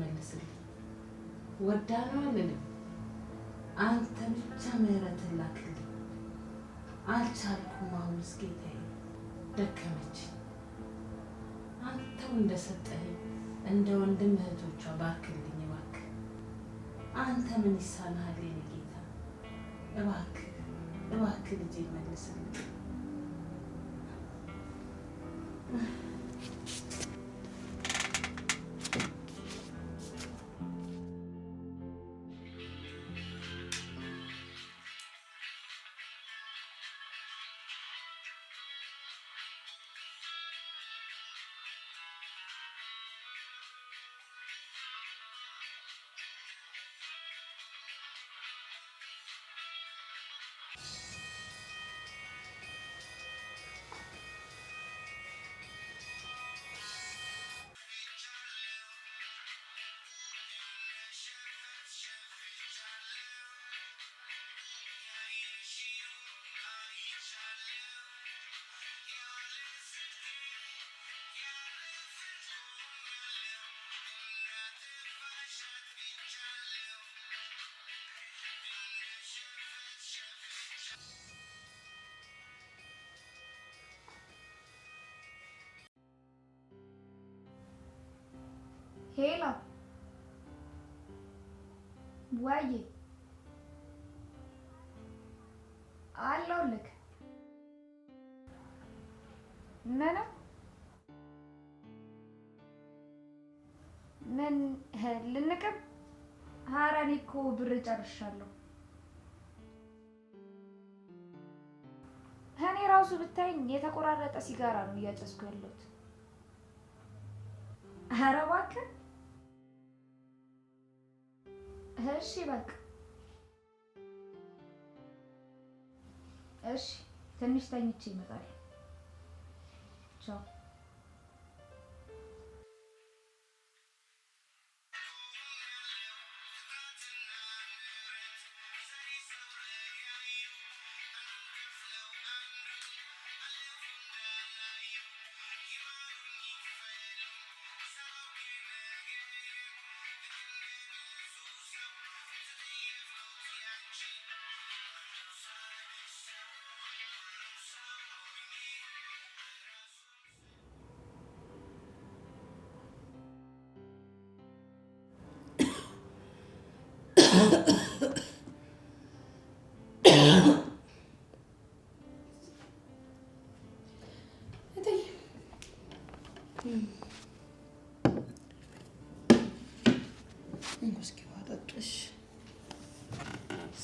መልስልኝ። ወዳ ነው አልልም። አንተ ብቻ ምህረትን ላክልኝ። አልቻልኩም። አሁንስ ጌታዬ ደከመች። አንተው እንደሰጠህ እንደ ወንድም እህቶቿ ባክልኝ እባክህ። አንተ ምን ይሳናሃል የኔ ጌታ? እባክህ እባክህ ልጄ መልስልኝ። Hela. ወይ አለሁልህ። ምን ምን ልንቅም? ኧረ እኔ እኮ ብር ጨርሻለሁ። እኔ ራሱ ብታይኝ የተቆራረጠ ሲጋራ ነው እያጨስኩ ያለሁት። ኧረ እባክህ እሺ በቃ እሺ፣ ትንሽ ተኝቼ ይመጣል። ቻው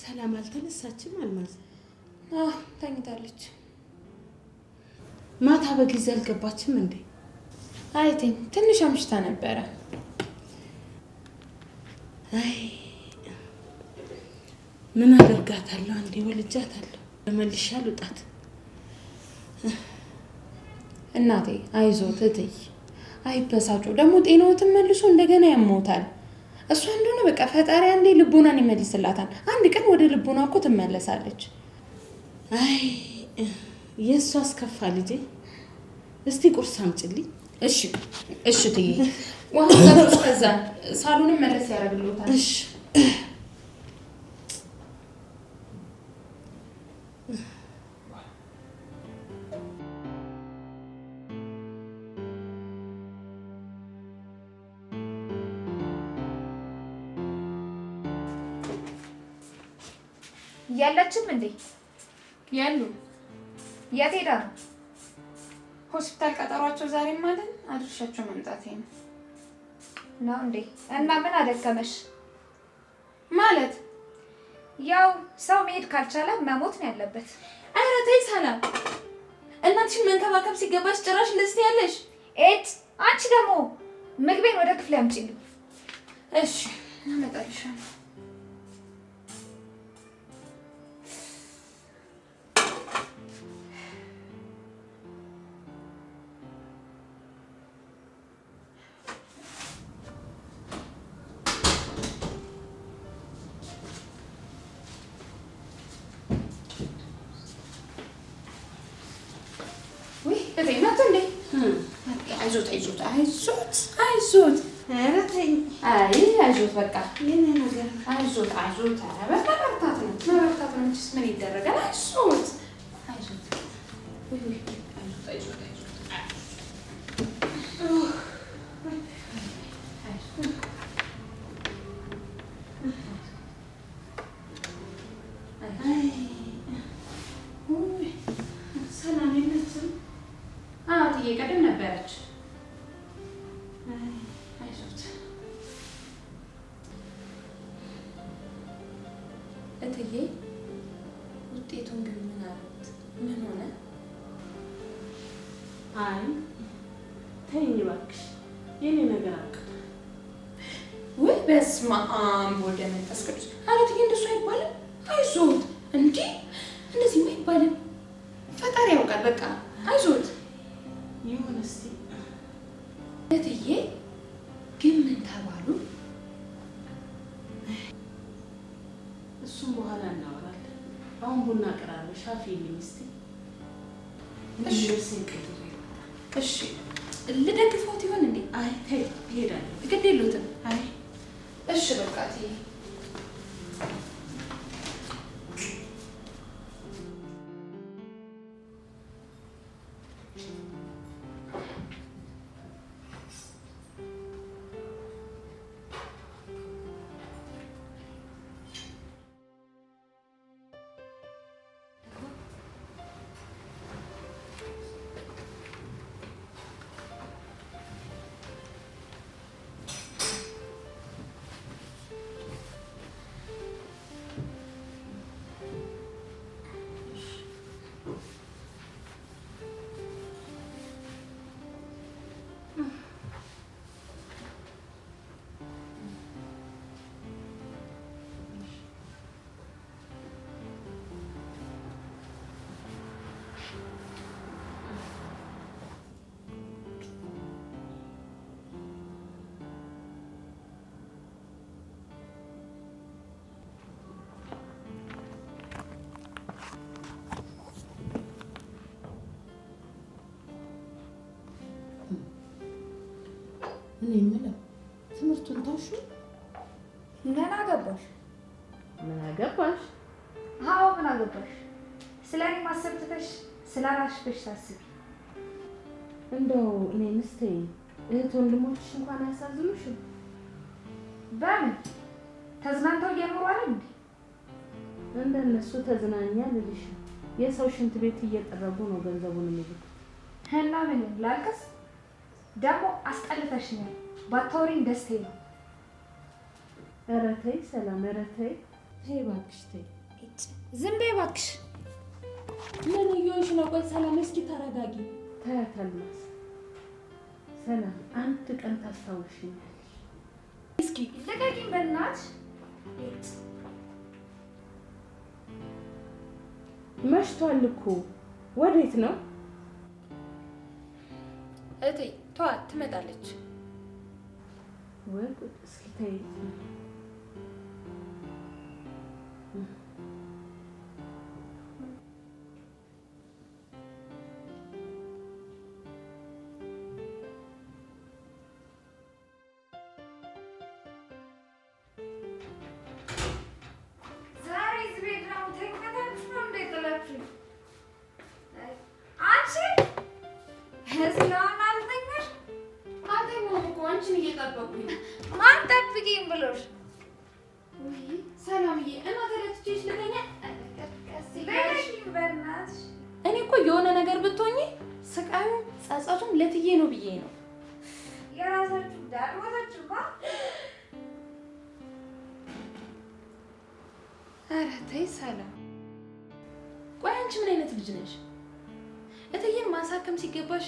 ሰላም አልተነሳችም? አልማዝ ተኝታለች። ማታ በጊዜ አልገባችም እንዴ? አይተኝ ትንሽ አምሽታ ነበረ። አይ ምን አደርጋታለሁ? አንዴ ወልጃታለሁ። በመልሻ ልውጣት። እናቴ አይዞት፣ እትይ አይበሳጩ። ደግሞ ጤናዎትን መልሶ እንደገና ያሞታል። እሷ እንደሆነ በቃ ፈጣሪ አንዴ ልቦናን ይመልስላታል። አንድ ቀን ወደ ልቦና እኮ ትመለሳለች። አይ የእሷ አስከፋ ልጄ። እስቲ ቁርስ አምጪልኝ። እሺ፣ እሺ ትዬ። ዋዛ ከዛ ሳሉንም መለስ ያደርግልዎታል። እሺ የለችም እንዴ? የሉ የት ሄዳ ነው? ሆስፒታል ቀጠሯቸው ዛሬ ማለት አድርሻቸው መምጣቴ ነው ነው እንዴ? እና ምን አደከመሽ ማለት? ያው ሰው መሄድ ካልቻለ መሞት ነው ያለበት። አረ ተይ ሰላም፣ እናትሽን መንከባከብ ሲገባሽ ጭራሽ ልስት ያለሽ። ኤት አንቺ ደግሞ ምግቤን ወደ ክፍል አምጪልኝ። እሺ አመጣልሻለሁ። አይ አይዞት፣ በቃ የኔ ነገር አይዞት፣ አይዞት። በቃ መበርታት ነው መበርታት ነው። ምን ይደረጋል? አይዞት፣ አይዞት፣ አይዞት፣ አይዞት አይባልም። ፈጣሪ ያውቃል። በቃ አይዞት ይሁን። እስቲ እትዬ ግን ምን ተባሉ? እሱም በኋላ እናወራለን። አሁን ቡና ቅራሉ ሻፊ ሚኒስቲ እሺ፣ ልደግፈውት ይሆን እንዴ? አይ ተይ፣ ይሄዳል። ግድ የሉትም። አይ እሺ፣ በቃ እትዬ እኔ የምለው ትምህርቱን ታሹ ምን አገባሽ? ምን አገባሽ? አዎ ምን አገባሽ? ስለ እኔ ማሰብ ትተሽ ስለ ራስሽ እንደው እኔ ምስቴ እህት ወንድሞችሽ እንኳን አያሳዝኑሽም? በምን ተዝናንተው እየኖሩ አይደል? ተዝናኛ ልልሽ የሰው ሽንት ቤት እየጠረጉ ነው ገንዘቡን እና ደግሞ ነው ባታወሪኝ ደስቴ ነው። ኧረ ተይ ሰላም፣ ኧረ ተይ ተይ እባክሽ ተይ። ዝም በይ እባክሽ። ምን እየሆንሽ ነው? ቆይ ሰላም፣ እስኪ ተረጋጊ። ተያት ሰላም፣ አንድ ቀን ታስታውሽኛለሽ። እስኪ ልቀቂኝ በእናትሽ። መሽቷል እኮ ወዴት ነው እቴ? ተዋት፣ ትመጣለች። ወርቅ እስኪ ተይ አንቺ ምን አይነት ልጅ ነሽ? እትዬን ማሳከም ሲገባሽ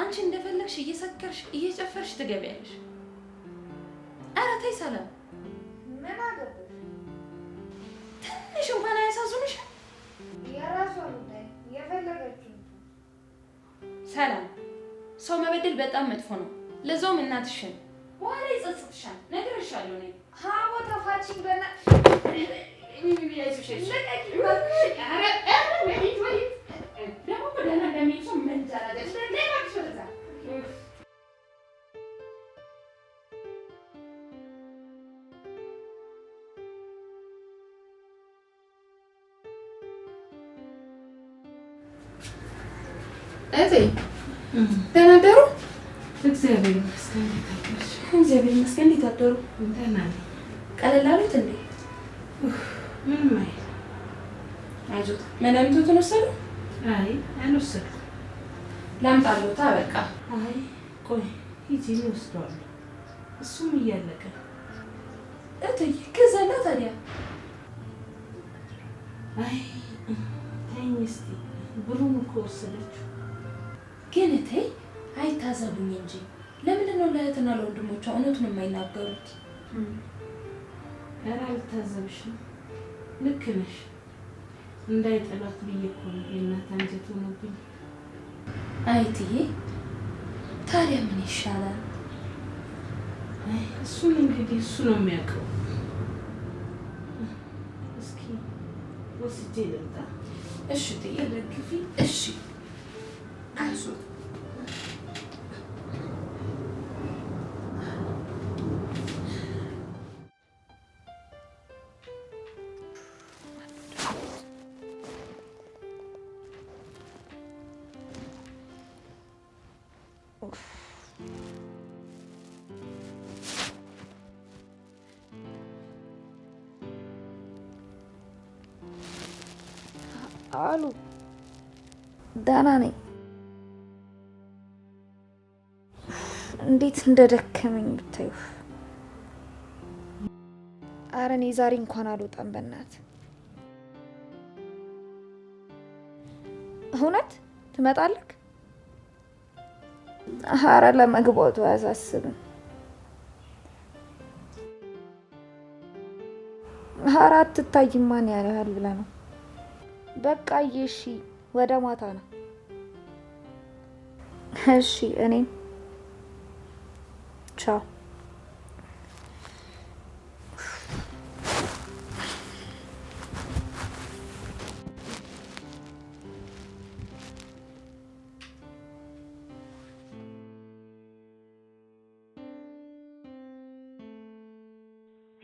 አንቺ እንደፈለግሽ እየሰከርሽ እየጨፈርሽ ትገቢያለሽ። ኧረ ተይ ሰላም፣ ምን አገባሽ? ትንሽ እንኳን አያሳዝኑሽም? የራሷ ጉዳይ የፈለገችው። ሰላም፣ ሰው መበደል በጣም መጥፎ ነው። ለዛውም እናትሽን። በኋላ ይጸጽትሻል። ነግሬሻለሁ እኔ ሀቦ ተፋችን በና እህቴ ደህና አደሩ? እግዚአብሔር ይመስገን። እግዚአብሔር ይመስገን። እንዴት አደሩ? ደህና ነኝ። ቀለል አሉት እንዴ? ምንም አይል። አይዞት መድኃኒቱን ወሰዱ? አይ አልወሰድኩም። ላምጣልዎታ? በቃ አይ ቆይ ሂጂ እወስደዋለሁ። እሱም እያለቀ እትዬ ገዛላ ታዲያ። አይ ተይኝ እስኪ ብሩን እኮ ወሰደችው። ግን እትዬ አይታዘቡኝ እንጂ ለምንድን ነው ለእህትና ለወንድሞቿ እውነቱን የማይናገሩት? ኧረ አልታዘብሽም ልክ ነሽ። እንዳይጠሏት ብዬ እኮ ነው የእናት አንጀት ሆኖብኝ። አይትዬ ታዲያ ምን ይሻላል? እሱን እንግዲህ እሱ ነው የሚያውቀው። እስኪ ወስጄ ልምጣ። እሺ ትዬ ደግፊ። እሺ አይዞት ደህና ነኝ። እንዴት እንደደከመኝ ብታዩ። አረ እኔ ዛሬ እንኳን አልወጣም። በእናት እውነት ትመጣለክ? አረ ለመግባቱ አያሳስብም። አረ አትታይም። ማን ያለሃል ብለህ ነው። በቃ እሺ፣ ወደ ማታ ነው። እሺ እኔ ቻው።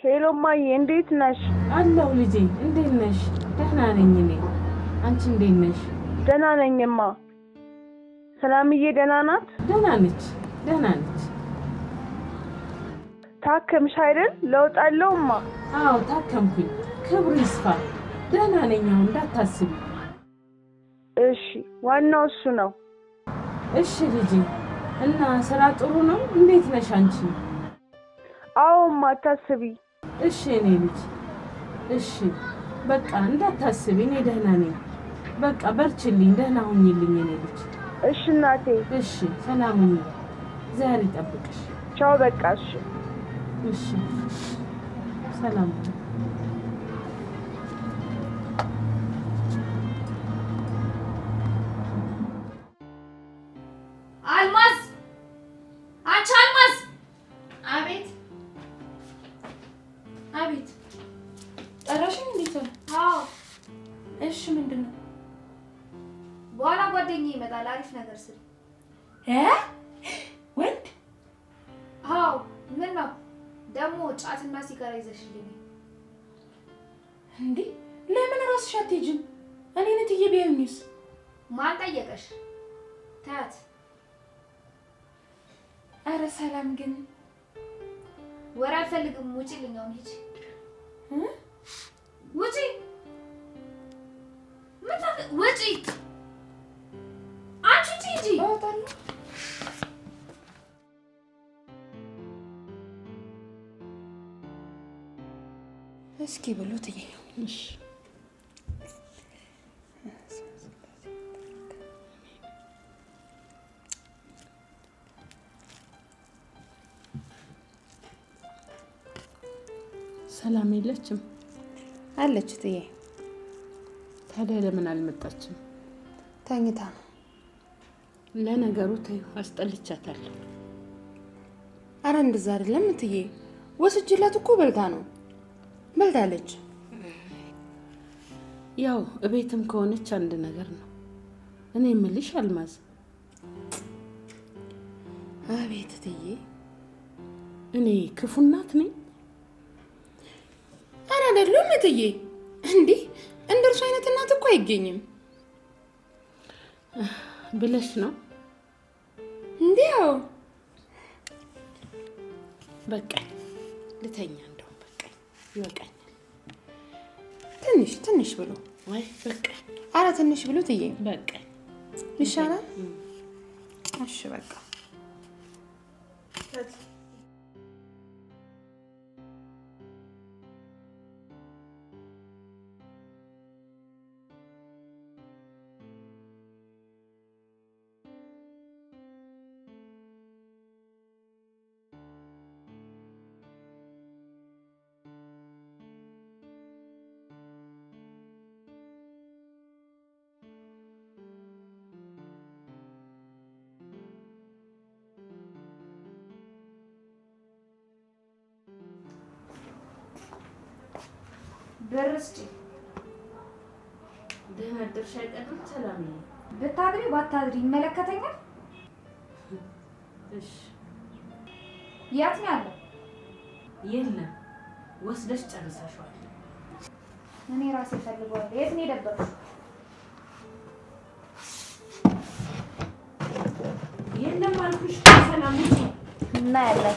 ሄሎ ማዬ፣ እንዴት ነሽ? አለው ልጄ፣ እንዴት ነሽ? ደህና ነኝ እኔ። አንቺ እንዴት ነሽ? ደህና ነኝማ። ሰላምዬ ደህና ናት? ደህና ነች፣ ደህና ነች። ታከምሽ አይደል? ለውጥ አለውማ። አዎ ታከምኩኝ። ክብሩ ይስፋ፣ ደህና ነኝ አሁን፣ እንዳታስቢ። እሺ፣ ዋናው እሱ ነው። እሺ ልጄ። እና ስራ ጥሩ ነው? እንዴት ነሽ አንቺ? አዎማ፣ አታስቢ። እሺ እኔ ልጅ። እሺ በቃ እንዳታስቢ፣ እኔ ደህና ነኝ። በቃ በርችልኝ፣ ደህና ሁኝልኝ እኔ ልጅ እሺ እናቴ። እሺ ሰላም ነው። እግዚአብሔር ይጠብቅሽ። ቻው። በቃ እሺ፣ እሺ፣ ሰላም ነው። ጫትና ሲጋራ ይዘሽልኝ። እንዴ ለምን ራስሽ አትሄጂም? እኔን እትዬ ቢያዩኝስ? ማን ጠየቀሽ? ታያት። አረ ሰላም ግን ወሬ አልፈልግም። ውጪ ልኛውን ሂጂ ውጪ ውጪ አንቺ ሂጂ እስኪ ብሉ ብሉት። ሰላም የለችም አለች ትዬ። ታዲያ ለምን አልመጣችም? ተኝታ ነው። ለነገሩ ተይው፣ አስጠልቻታለሁ። አረ እንደዛ አይደለም ትዬ፣ ወስጅላት እኮ በልታ ነው በልታለች። ያው እቤትም ከሆነች አንድ ነገር ነው። እኔ የምልሽ አልማዝ። አቤት እትዬ፣ እኔ ክፉ እናት ነኝ? ኧረ አይደለም እትዬ፣ እንዲህ እንደ እርሱ አይነት እናት እኮ አይገኝም ብለሽ ነው? እንዲያው በቃ ልተኛ ይበቃኛል። ትንሽ ትንሽ ብሎ አረ ትንሽ ብሎ ትዬ በቃ ይሻላል። እሺ በቃ ብር ስጪ። ደህና አደርሽ አይቀርም ሰላም ነው። ብታድሪ ባታድሪ ይመለከተኛል። እሺ የት ነው ያለው? የለም ወስደሽ ጨርሰሽዋል። እኔ ራሴ ፈልገዋለሁ። የት ነው የደበቅሽው? የለም አልኩሽ። ሰላም እና ያለን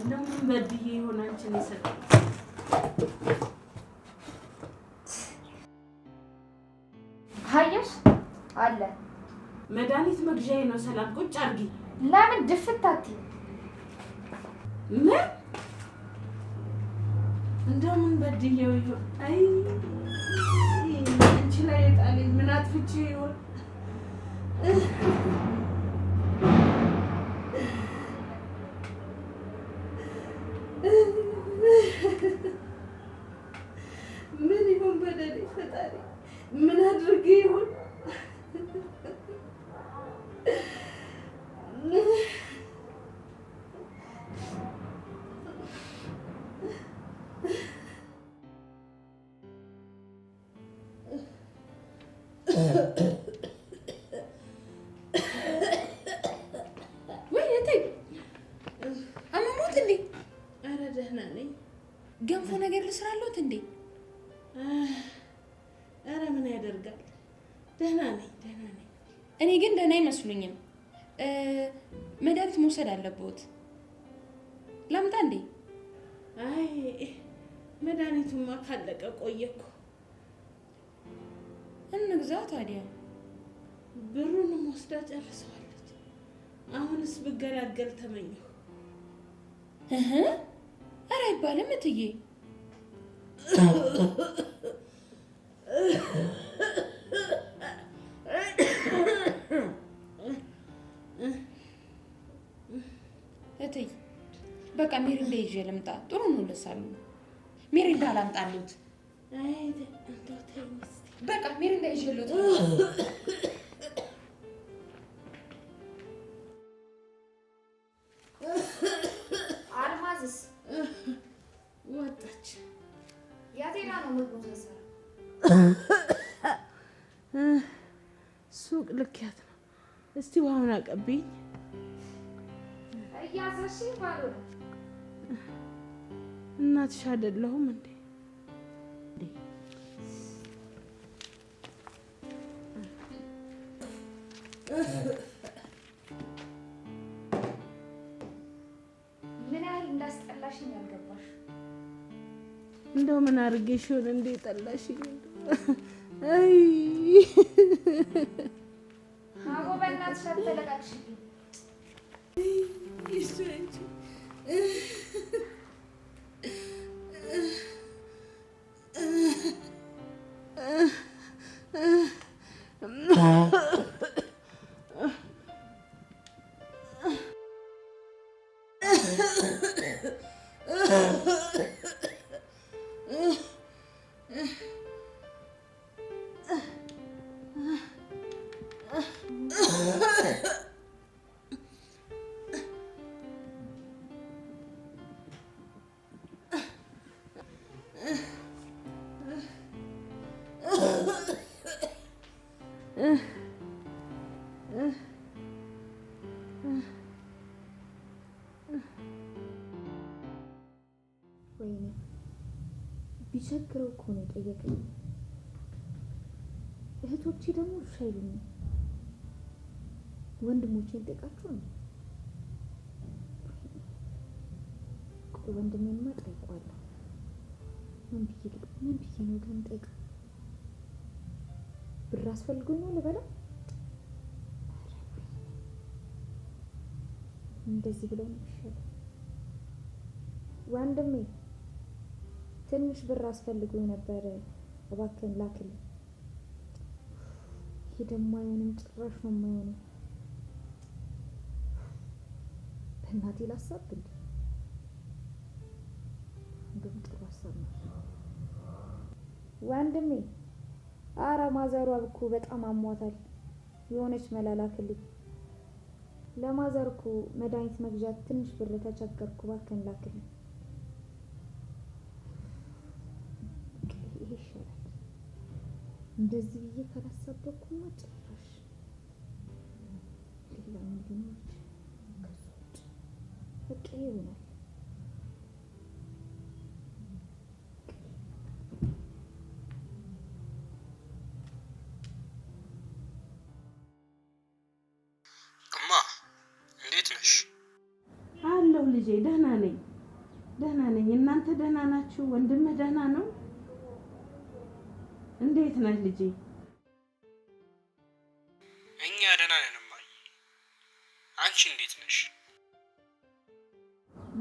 እንደምንም በድዬ ይሆን አንቺን የሰጠው ሀየሽ አለ መድኃኒት መግዣዬ ነው። ሰላም ቁጭ አድርጊ። ለምን ድፍት አትይም? ምን እንደምን በድዬው ይሆን? አይ አንቺ ላይ የጣለኝ ምን አጥፍቼ ይሆን? ግን ገና አይመስሉኝም። መድኃኒት መውሰድ አለብዎት። ላምጣ እንዴ? አይ መድኃኒቱማ ካለቀ ቆየ እኮ። እንግዛ ታዲያ። ብሩንም ወስዳ ጨርሰዋለች። አሁንስ ብገላገል ተመኘሁ። እህ ኧረ አይባልም እትዬ ይዤ ልምጣ። ጥሩ ነው ለሳሉ ሜሪንዳ አላምጣሉት። በቃ ሜሪንዳ ይዤ አልማዝስ ወጣች። ያቴና ነው ምግቡ ተሰራ ሱቅ ልክያት ነው። እስቲ ውሃውን አቀብኝ እያዘሽ ባሉ ነው እናትሽ አይደለሁም እንዴ? ምን ያህል እንዳስጠላሽኝ ያልገባሽ። እንደው ምን አድርጌሽ ይሆን እንዴ ጠላሽኝ? አይ ወይኔ ቢቸግረው እኮ ነው የጠየቀኝ። እህቶቼ ደግሞ እሺ አይሉኝም። ወንድሞቼን ጠይቃችሁ ነው። ቆይ ወንድሜማ ጠይቋለሁ። ምን ብዬ ነው ግን ጠይቃ አስፈልጉኝ ነው ልበለው። እንደዚህ ብለው ነው ይሻላል። ወንድሜ ትንሽ ብር አስፈልጉኝ ነበር፣ እባክህን ላክልኝ። ይሄ ደግሞ አይሆንም፣ ጭራሽ ነው የማይሆነው። በእናቴ ላሳብ እንዴ! እንደውም ጥሩ ሀሳብ ነው ወንድሜ አረ ማዘሩ እኮ በጣም አሟታል። የሆነች መላላክልኝ ለማዘር እኮ መድኃኒት መግዣት ትንሽ ብር ተቸገርኩ፣ እባክህን ላክልኝ። ይሄ ይሻላል እንደዚህ ብዬ ካላሳበኩማ ጭራሽ ሌላ ምንድነች ከሱ ውጭ በቃ ይሆናል። ደህና ነኝ ደህና ነኝ። እናንተ ደህና ናችሁ? ወንድም ደህና ነው? እንዴት ነህ ልጄ? እኛ ደህና ነን እማዬ፣ አንቺ እንዴት ነሽ?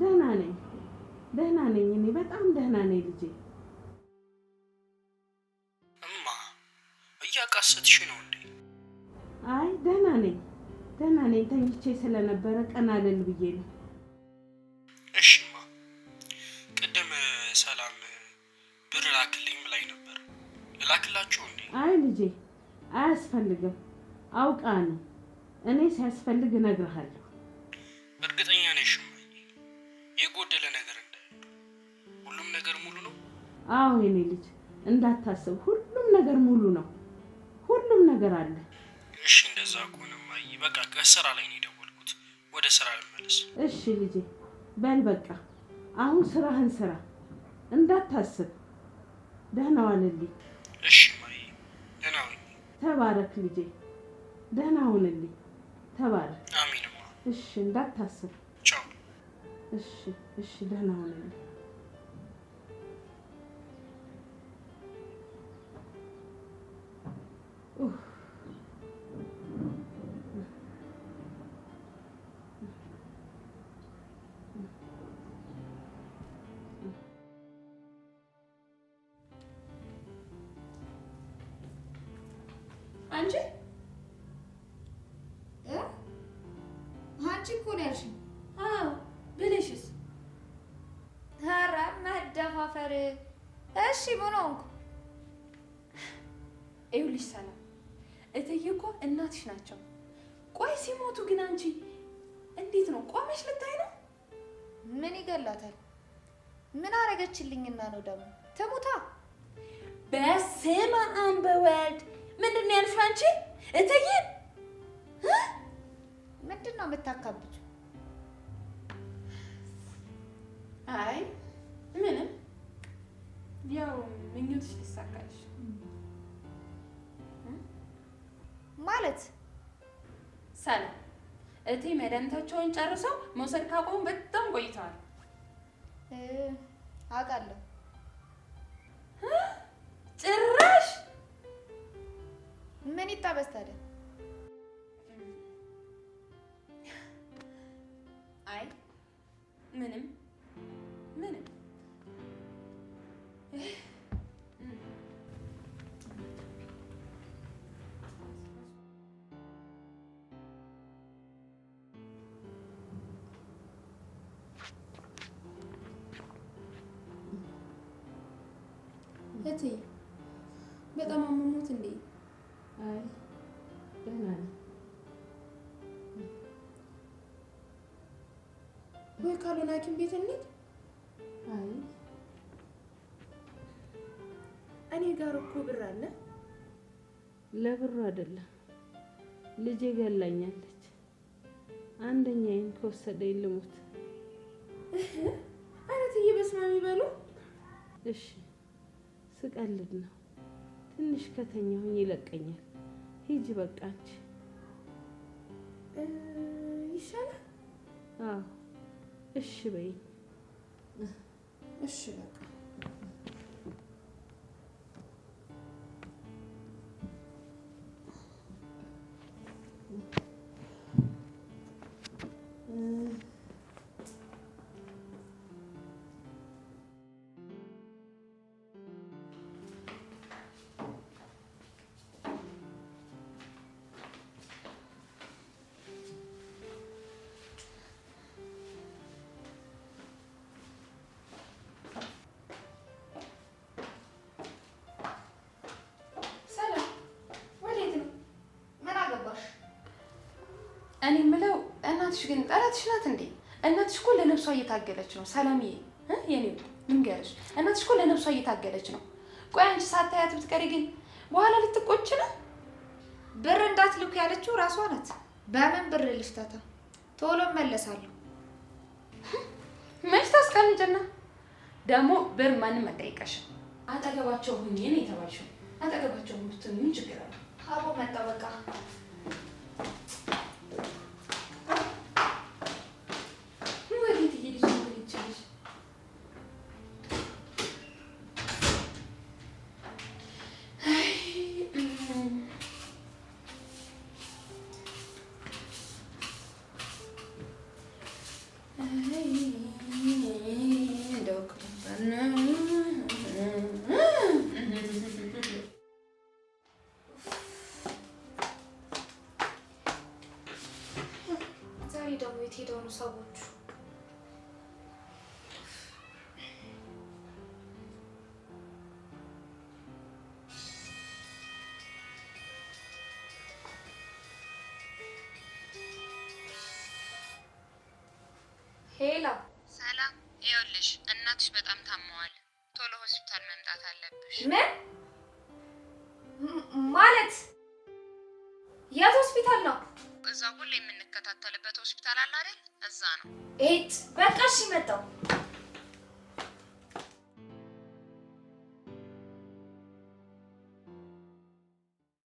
ደህና ነኝ ደህና ነኝ፣ እኔ በጣም ደህና ነኝ ልጄ። እማ እያቃሰትሽ ነው እንዴ? አይ ደህና ነኝ ደህና ነኝ። ተኝቼ ስለነበረ ቀና ልል ብዬ ነው አይ ልጄ አያስፈልግም፣ አውቃ ነው። እኔ ሲያስፈልግ እነግርሃለሁ። እርግጠኛ ነሽ? የጎደለ ነገር እንዳለ ሁሉም ነገር ሙሉ ነው? አዎ የኔ ልጅ እንዳታስብ፣ ሁሉም ነገር ሙሉ ነው። ሁሉም ነገር አለ። እሺ እንደዛ ከሆነ በቃ ከስራ ላይ ነው የደወልኩት፣ ወደ ስራ ልመለስ። እሺ ልጄ በል በቃ አሁን ስራህን ስራ፣ እንዳታስብ። ደህና ዋልልኝ። ተባረክ ልጄ፣ ደህና ሁንልኝ። ተባረክ። እሺ፣ እንዳታስብ። እሺ፣ እሺ፣ ደህና ሁንልኝ። አፈር። እሺ ምን ሆንኩ? ይኸውልሽ ሰላም፣ እትዬ እኮ እናትሽ ናቸው። ቆይ ሲሞቱ ግን አንቺ እንዴት ነው ቆመሽ ልታይ ነው? ምን ይገላታል? ምን አረገችልኝና ነው ደግሞ? ትሙታ። በስመ አብ በወልድ ምንድን ነው ያልሽው አንቺ? እትዬ ምንድን ነው የምታካብጂው? አይ ምንም ያው ምኞትሽ ሊሳካልሽ ማለት ሰላም እቴ መድኃኒታቸውን ጨርሰው መውሰድ ካቆሙ በጣም ቆይተዋል። አውቃለሁ። ጭራሽ ምን ይታበስ ታዲያ እትዬ በጣም አመሞት እንዴ? አይ ደህና ነኝ። ወይ ካልሆነ ሐኪም ቤት እንሂድ። አይ እኔ ጋር እኮ ብር አለ። ለብሩ አይደለም ልጄ ገላኛለች። አንደኛዬን ከወሰደኝ ልሙት። ኧረ እትዬ በስመ አብ ይበሉ። እሺ ስቀልድ ነው። ትንሽ ከተኛሁኝ ይለቀኛል። ሂጂ በቃ አንቺ ይሻላል። አዎ እሺ በይኝ። እሺ በቃ እኔ የምለው እናትሽ ግን ጠላትሽ ናት እንዴ? እናትሽ እኮ ለነብሷ እየታገለች ነው። ሰላምዬ የኔ ልንገርሽ፣ እናትሽ እኮ ለነብሷ እየታገለች ነው። ቆይ አንቺ ሳታያት ብትቀሪ ግን በኋላ ልትቆጭ ነው። ብር እንዳትልኩ ያለችው ራሷ ናት። በምን ብር ልፍታታ? ቶሎ መለሳለሁ። መች ታስቀምጭና ደግሞ ብር ማንም አልጠይቀሽም። አጠገባቸው ሁኜ ነው የተባልሽው። አጠገባቸው ምትን ምን ችግር አለ? አቦ መጣ በቃ ሄላ ሰላም። ይኸውልሽ እናትሽ በጣም ታመዋል።